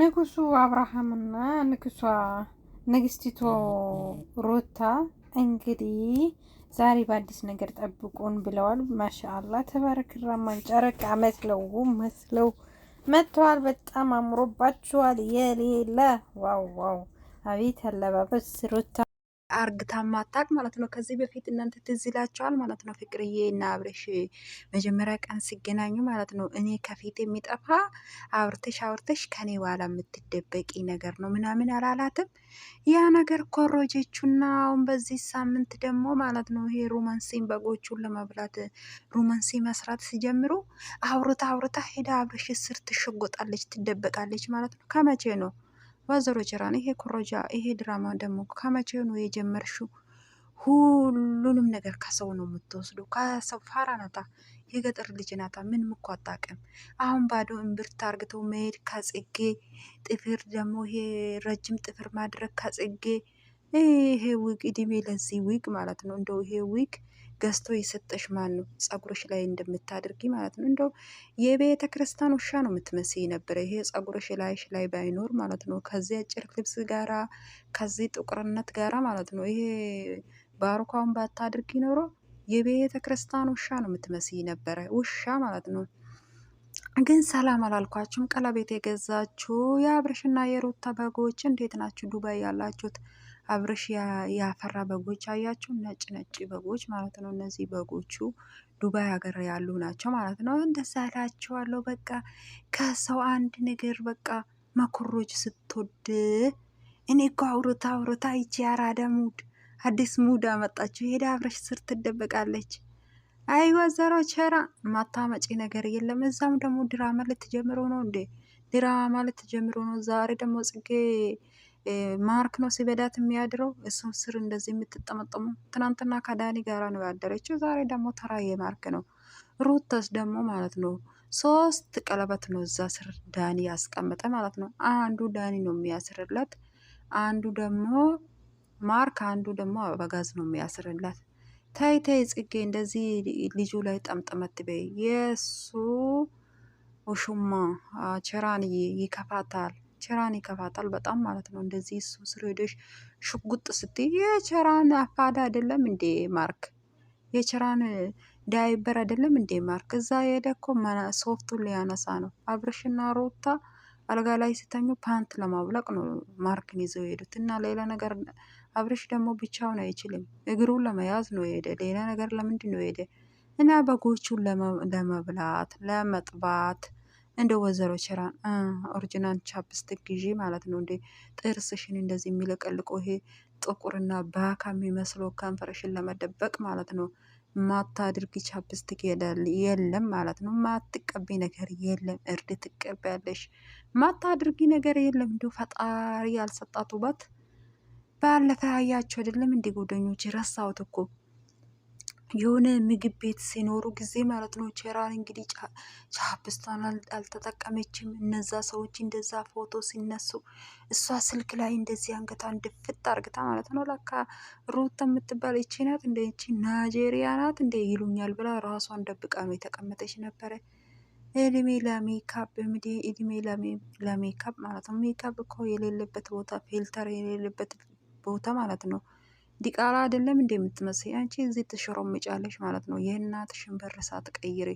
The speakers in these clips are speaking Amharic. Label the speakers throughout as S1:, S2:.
S1: ንጉሱ አብርሃምና ንጉሷ ንግስቲቶ ሩታ እንግዲህ ዛሬ በአዲስ ነገር ጠብቁን ብለዋል። ማሻአላ ተባረክ ራማን ጨረቃ መስለው መስለው መጥተዋል። በጣም አምሮባችኋል የሌለ ዋው ዋው! አቤት አለባበስ ሩታ አርግታ ማታቅ ማለት ነው። ከዚህ በፊት እናንተ ትዝ ይላቸዋል ማለት ነው። ፍቅርዬ እና አብረሽ መጀመሪያ ቀን ሲገናኙ ማለት ነው እኔ ከፊት የሚጠፋ አውርተሽ አውርተሽ ከኔ በኋላ የምትደበቂ ነገር ነው ምናምን አላላትም። ያ ነገር ኮሮጀችና አሁን በዚህ ሳምንት ደግሞ ማለት ነው ይሄ ሮማንሲን በጎቹን ለመብላት ሮማንሲ መስራት ሲጀምሩ አውርታ አውርታ ሄዳ አብረሽ ስር ትሸጎጣለች፣ ትደበቃለች ማለት ነው። ከመቼ ነው ወይዘሮ ጅራን ይሄ ኮረጃ ይሄ ድራማ ደግሞ ከመቼ ነው የጀመርሽው? ሁሉንም ነገር ከሰው ነው የምትወስዱ። ከሰው ፋራ ናታ፣ የገጠር ልጅ ናታ። ምን ምኮ አታውቅም። አሁን ባዶ እምብርት አርግተው መሄድ ከጽጌ ጥፍር ደግሞ ይሄ ረጅም ጥፍር ማድረግ ከጽጌ ይሄ ዊግ እድሜ ለዚህ ዊግ ማለት ነው እንደው ይሄ ዊግ ገዝቶ የሰጠሽ ማን ነው? ጸጉርሽ ላይ እንደምታደርጊ ማለት ነው። እንደው የቤተ ክርስቲያን ውሻ ነው የምትመስይ ነበረ። ይሄ ጸጉርሽ ላይሽ ላይ ባይኖር ማለት ነው። ከዚህ አጭር ልብስ ጋራ ከዚህ ጥቁርነት ጋራ ማለት ነው። ይሄ ባሩካውን ባታድርጊ ኖሮ የቤተ ክርስቲያን ውሻ ነው የምትመስይ ነበረ። ውሻ ማለት ነው። ግን ሰላም አላልኳችሁም? ቀለቤት የገዛችሁ የአብርሽና የሩታ በጎች እንዴት ናችሁ? ዱባይ ያላችሁት አብርሽ ያፈራ በጎች አያችሁ፣ ነጭ ነጭ በጎች ማለት ነው። እነዚህ በጎቹ ዱባይ ሀገር ያሉ ናቸው ማለት ነው። እንደዛ እላችኋለሁ። በቃ ከሰው አንድ ነገር በቃ መኮሮች ስትወድ እኔ እኮ አውርታ አውርታ ይቺ አራዳ ሙድ አዲስ ሙድ አመጣችሁ። ሄዳ አብረሽ ስር ትደበቃለች። አይ ወዘሮ ቸራ ማታመጪ ነገር የለም። እዛም ደግሞ ድራማ ልትጀምሮ ነው እንዴ? ድራማ ልትጀምሮ ነው ዛሬ ደግሞ ጽጌ ማርክ ነው ሲበዳት የሚያድረው እሱ ስር እንደዚህ የምትጠመጠሙ። ትናንትና ከዳኒ ጋራ ነው ያደረችው። ዛሬ ደግሞ ተራ የማርክ ነው። ሩተስ ደግሞ ማለት ነው ሶስት ቀለበት ነው እዛ ስር ዳኒ ያስቀመጠ ማለት ነው። አንዱ ዳኒ ነው የሚያስርላት፣ አንዱ ደግሞ ማርክ፣ አንዱ ደግሞ አበጋዝ ነው የሚያስርላት። ታይታይ ጽጌ እንደዚህ ልጁ ላይ ጠምጠመት በይ የእሱ ውሹማ ቸራን ይከፋታል ቸራን ይከፋታል በጣም ማለት ነው። እንደዚህ እሱ ስር ሄደሽ ሽጉጥ ስትይ የቸራን አፋድ አይደለም እንዴ ማርክ? የቸራን ዳይበር አይደለም እንዴ ማርክ? እዛ የሄደ እኮ ሶፍቱን ሊያነሳ ነው። አብርሽና ሮታ አልጋ ላይ ሲተኙ ፓንት ለማብለቅ ነው ማርክን ይዘው ሄዱት እና ሌላ ነገር አብርሽ ደግሞ ብቻውን አይችልም። እግሩን ለመያዝ ነው ሄደ። ሌላ ነገር ለምንድን ነው ሄደ? እና በጎቹን ለመብላት ለመጥባት እንደ ወይዘሮ ችራን ኦሪጂናል ቻፕስቲክ ጊዜ ማለት ነው። እንደ ጥርስሽን እንደዚህ የሚለቀልቀው ይሄ ጥቁርና ባካ የሚመስለው ከንፈርሽን ለመደበቅ ማለት ነው። ማታድርጊ ቻፕስቲክ የለም ማለት ነው። ማትቀቢ ነገር የለም። እርድ ትቀቢያለሽ። ማታድርጊ ነገር የለም። እንዲ ፈጣሪ ያልሰጣት ውበት ባለፈ ያያቸው አይደለም እንዲ ጎደኞች ረሳውት። እኮ የሆነ ምግብ ቤት ሲኖሩ ጊዜ ማለት ነው። ቼራን እንግዲህ ቻፕስቷን አልተጠቀመችም። እነዛ ሰዎች እንደዛ ፎቶ ሲነሱ እሷ ስልክ ላይ እንደዚህ አንገቷን ድፍት አርግታ ማለት ነው። ለካ ሩት የምትባል እቺ ናት እንደ እቺ ናይጄሪያ ናት እንደ ይሉኛል ብላ ራሷን ደብቃ ነው የተቀመጠች ነበረ። እድሜ ለሜካፕ እንግዲህ እድሜ ለሜካፕ ማለት ነው። ሜካፕ እኮ የሌለበት ቦታ ፊልተር የሌለበት ቦታ ማለት ነው። ዲቃላ አይደለም እንደ የምትመስይ አንቺ እዚህ ትሽሮምጫለሽ ማለት ነው። የእናትሽን በር ሳትቀይሪ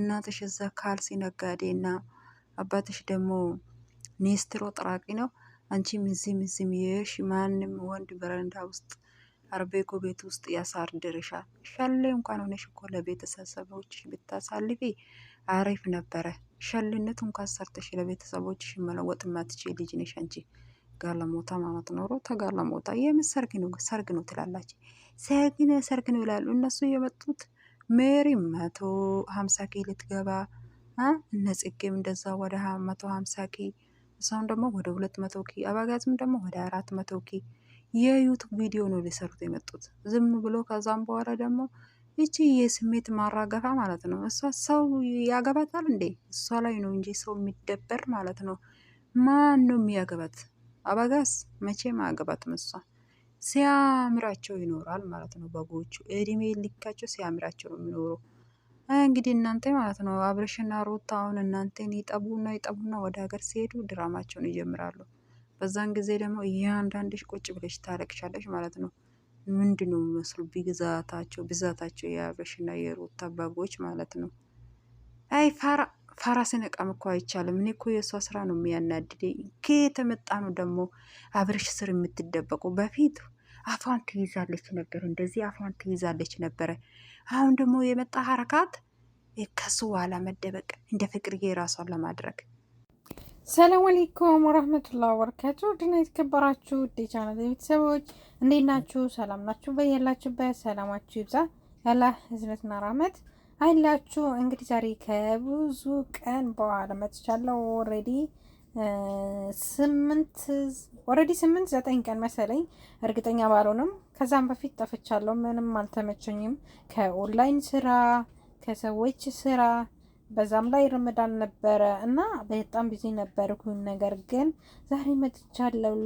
S1: እናትሽ እዛ ካልሲ ነጋዴ እና አባትሽ ደግሞ ኔስትሮ ጥራቂ ነው። አንቺ እዚህም እዚህም ይሽ ማንም ወንድ በረንዳ ውስጥ አርቤኮ ቤት ውስጥ ያሳድርሻል። ሸሌ እንኳን ሆነሽ እኮ ለቤተሰቦችሽ ብታሳልፊ አሪፍ ነበረ። ሸልነት እንኳን ሰርተሽ ለቤተሰቦችሽ መለወጥ ማትችል ልጅ ነሽ አንቺ። ጋለሞታ ማለት ኖሮ ተጋለሞታ የምን ሰርግ ነው ሰርግ ነው ትላላች። ሰርግ ነው ሰርግ ነው ይላሉ እነሱ የመጡት ሜሪ መቶ ሀምሳ ኬ ልትገባ እነ ጽጌም እንደዛ ወደ መቶ ሀምሳ ኬ እሷም ደግሞ ወደ ሁለት መቶ ኬ አባጋዝም ደግሞ ወደ አራት መቶ ኬ የዩቱብ ቪዲዮ ነው ሊሰሩት የመጡት ዝም ብሎ ከዛም በኋላ ደግሞ ይቺ የስሜት ማራገፋ ማለት ነው። እሷ ሰው ያገባታል እንዴ? እሷ ላይ ነው እንጂ ሰው የሚደበር ማለት ነው። ማን ነው የሚያገባት? አበጋስ መቼም ማገባት መሷ ሲያምራቸው ይኖራል ማለት ነው። በጎቹ እድሜ ልካቸው ሲያምራቸው ነው የሚኖረው። እንግዲህ እናንተ ማለት ነው አብረሽና ሩታ አሁን እናንተን ይጠቡና ይጠቡና ወደ ሀገር ሲሄዱ ድራማቸውን ይጀምራሉ። በዛን ጊዜ ደግሞ እያንዳንድሽ ቁጭ ብለሽ ታለቅሻለሽ ማለት ነው። ምንድን ነው የሚመስሉ ብዛታቸው ብዛታቸው የአብረሽና የሩታ በጎች ማለት ነው። አይ ፋራ ፈራስን እቃም እኮ አይቻልም። እኔ እኮ የእሷ ስራ ነው የሚያናድድ። ከየት መጣ ነው ደግሞ አብርሽ ስር የምትደበቁ? በፊት አፏን ትይዛለች ነበር፣ እንደዚህ አፏን ትይዛለች ነበረ። አሁን ደግሞ የመጣ ሀረካት ከሱ ኋላ መደበቅ እንደ ፍቅር የራሷን ለማድረግ ሰላም አለይኩም ወራህመቱላሂ ወበረካቱ። ድና የተከበራችሁ ውድ የቻናል ቤተሰቦች እንዴት ናችሁ? ሰላም ናችሁ? በያላችሁበት ሰላማችሁ ይብዛ። ያላ ህዝነትና ራህመት አይላችሁ እንግዲህ ዛሬ ከብዙ ቀን በኋላ መጥቻለሁ። ኦልሬዲ ስምንት ኦልሬዲ ስምንት ዘጠኝ ቀን መሰለኝ እርግጠኛ ባልሆንም ከዛም በፊት ጠፍቻለሁ። ምንም አልተመቸኝም። ከኦንላይን ስራ፣ ከሰዎች ስራ በዛም ላይ ረመዳን ነበረ እና በጣም ቢዚ ነበርኩኝ። ነገር ግን ዛሬ መጥቻለሁ።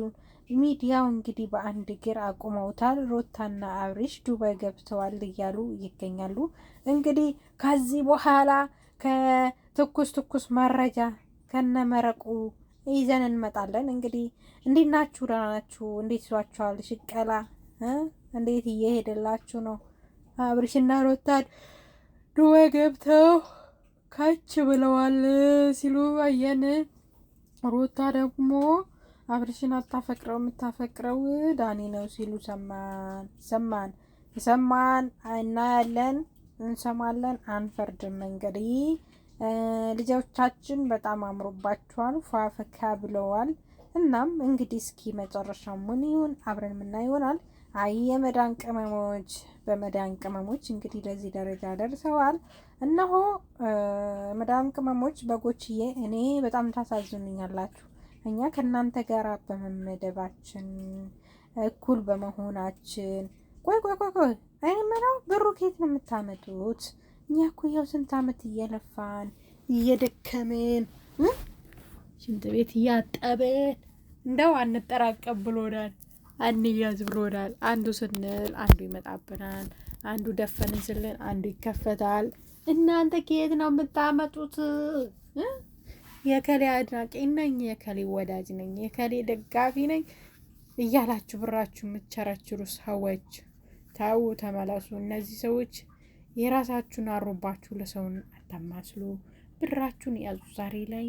S1: ሚዲያው እንግዲህ በአንድ እግር አቁመውታል። ሩታና አብሪሽ ዱባይ ገብተዋል እያሉ ይገኛሉ። እንግዲህ ከዚህ በኋላ ከትኩስ ትኩስ መረጃ ከነመረቁ ይዘን እንመጣለን። እንግዲህ እንዴት ናችሁ? ደህና ናችሁ? እንዴት ይዟችኋል? ሽቀላ እንዴት እየሄደላችሁ ነው? አብርሽና ሩታን ዱባይ ገብተው ከች ብለዋል ሲሉ አየን። ሩታ ደግሞ አብርሽን አታፈቅረው የምታፈቅረው ዳኒ ነው ሲሉ ሰማን ሰማን ሰማን እናያለን እንሰማለን አንፈርድም። እንግዲህ ልጆቻችን በጣም አምሮባቸዋል፣ ፏፈካ ብለዋል። እናም እንግዲህ እስኪ መጨረሻ ምን ይሁን አብረን ምና ይሆናል። አይ የመዳን ቅመሞች በመዳን ቅመሞች እንግዲህ ለዚህ ደረጃ ደርሰዋል። እነሆ መዳን ቅመሞች በጎችዬ፣ እኔ በጣም ታሳዝኑኛላችሁ እኛ ከእናንተ ጋር በመመደባችን እኩል በመሆናችን ቆይ ቆይ ቆይ ቆይ እኔ የምለው ብሩ ከየት ነው የምታመጡት? እኛ እኮ ያው ስንት ዓመት እየለፋን እየደከምን ሽንት ቤት እያጠብን እንደው አንጠራቀም ብሎናል፣ አንያዝ ብሎናል። አንዱ ስንል አንዱ ይመጣብናል፣ አንዱ ደፈንን ስልን አንዱ ይከፈታል። እናንተ ከየት ነው የምታመጡት? የከሌ አድናቂ ነኝ፣ የከሌ ወዳጅ ነኝ፣ የከሌ ደጋፊ ነኝ እያላችሁ ብራችሁ የምትቸረችሩ ሰዎች ተው፣ ተመለሱ። እነዚህ ሰዎች የራሳችሁን አሮባችሁ ለሰውን አታማስሉ። ብራችሁን ያዙ። ዛሬ ላይ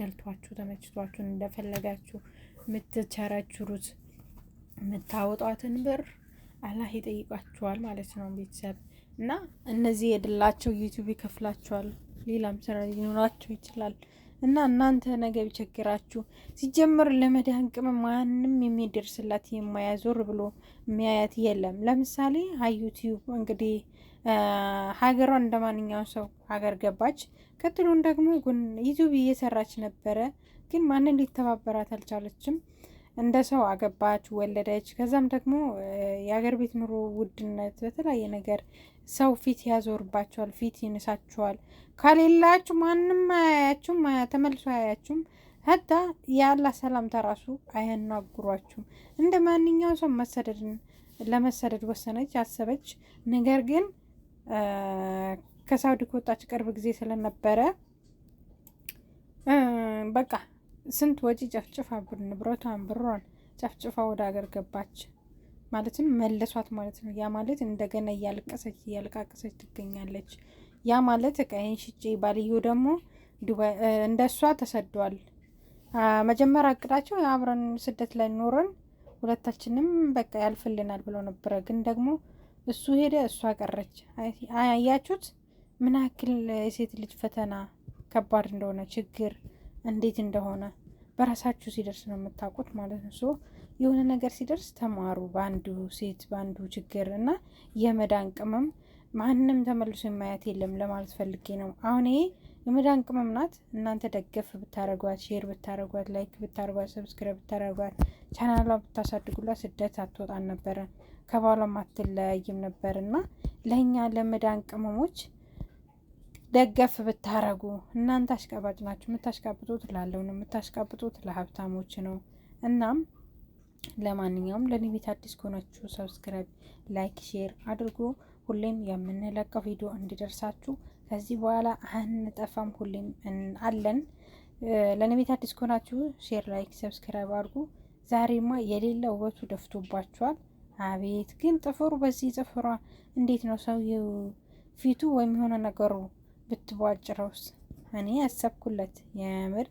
S1: ደልቷችሁ ተመችቷችሁን እንደፈለጋችሁ የምትቸረችሩት የምታወጧትን ብር አላህ ይጠይቃችኋል ማለት ነው። ቤተሰብ እና እነዚህ የድላቸው ዩቱብ ይከፍላችኋል። ሌላም ስራ ሊኖራቸው ይችላል። እና እናንተ ነገ ቢቸግራችሁ ሲጀምር ለመዳን ቅመም ማንም የሚደርስላት የማያዞር ብሎ የሚያያት የለም። ለምሳሌ ዩቲዩብ እንግዲህ ሀገሯን እንደ ማንኛውም ሰው ሀገር ገባች። ቀጥሎን ደግሞ ዩቲዩብ እየሰራች ነበረ፣ ግን ማንን ሊተባበራት አልቻለችም። እንደ ሰው አገባች፣ ወለደች። ከዛም ደግሞ የሀገር ቤት ኑሮ ውድነት በተለያየ ነገር ሰው ፊት ያዞርባቸዋል፣ ፊት ይነሳቸዋል ከሌላችሁ ማንም አያያችሁም፣ ተመልሶ አያያችሁም። ሀታ የአላህ ሰላምታ ራሱ አያናግሯችሁም። እንደ ማንኛውም ሰው መሰደድን ለመሰደድ ወሰነች፣ አሰበች። ነገር ግን ከሳውዲ ከወጣች ቅርብ ጊዜ ስለነበረ በቃ ስንት ወጪ ጨፍጭፋ ብር ንብረቷን ብሯን ጨፍጭፋ ወደ ሀገር ገባች። ማለትም መለሷት ማለት ነው። ያ ማለት እንደገና እያለቀሰች እያለቃቀሰች ትገኛለች። ያ ማለት እቃዬን ሽጬ ባልዩ ደግሞ እንደ እሷ ተሰዷል። መጀመሪያ እቅዳቸው አብረን ስደት ላይ ኖረን ሁለታችንም በቃ ያልፍልናል ብሎ ነበረ። ግን ደግሞ እሱ ሄደ፣ እሷ ቀረች። አያችሁት ምን ያክል የሴት ልጅ ፈተና ከባድ እንደሆነ ችግር እንዴት እንደሆነ በራሳችሁ ሲደርስ ነው የምታውቁት ማለት ነው። ሶ የሆነ ነገር ሲደርስ ተማሩ። በአንዱ ሴት በአንዱ ችግር እና የመዳን ቅመም ማንም ተመልሶ የማያት የለም ለማለት ፈልጌ ነው። አሁን ይሄ የመዳን ቅመም ናት። እናንተ ደገፍ ብታደረጓት፣ ሼር ብታደረጓት፣ ላይክ ብታደረጓት፣ ሰብስክራይብ ብታደረጓት፣ ቻናሏ ብታሳድጉላት ስደት አትወጣን ነበረ፣ ከባሏም አትለያይም ነበር እና ለእኛ ለመዳን ቅመሞች ደገፍ ብታረጉ እናንተ አሽቀባጭ ናችሁ። የምታሽቃብጡት ላለው ነው የምታሽቃብጡት ለሀብታሞች ነው። እናም ለማንኛውም ለኔ ቤት አዲስ ከሆናችሁ ሰብስክራይብ፣ ላይክ፣ ሼር አድርጎ ሁሌም የምንለቀው ቪዲዮ እንዲደርሳችሁ ከዚህ በኋላ አንጠፋም፣ ሁሌም አለን። ለኔ ቤት አዲስ ከሆናችሁ ሼር፣ ላይክ፣ ሰብስክራይብ አድርጉ። ዛሬማ የሌለ ውበቱ ደፍቶባችኋል። አቤት ግን ጥፍሩ በዚህ ጥፍሯ እንዴት ነው ሰውየው ፊቱ ወይም የሆነ ነገሩ ብትቧጭረውስ? እኔ ያሰብኩለት የምር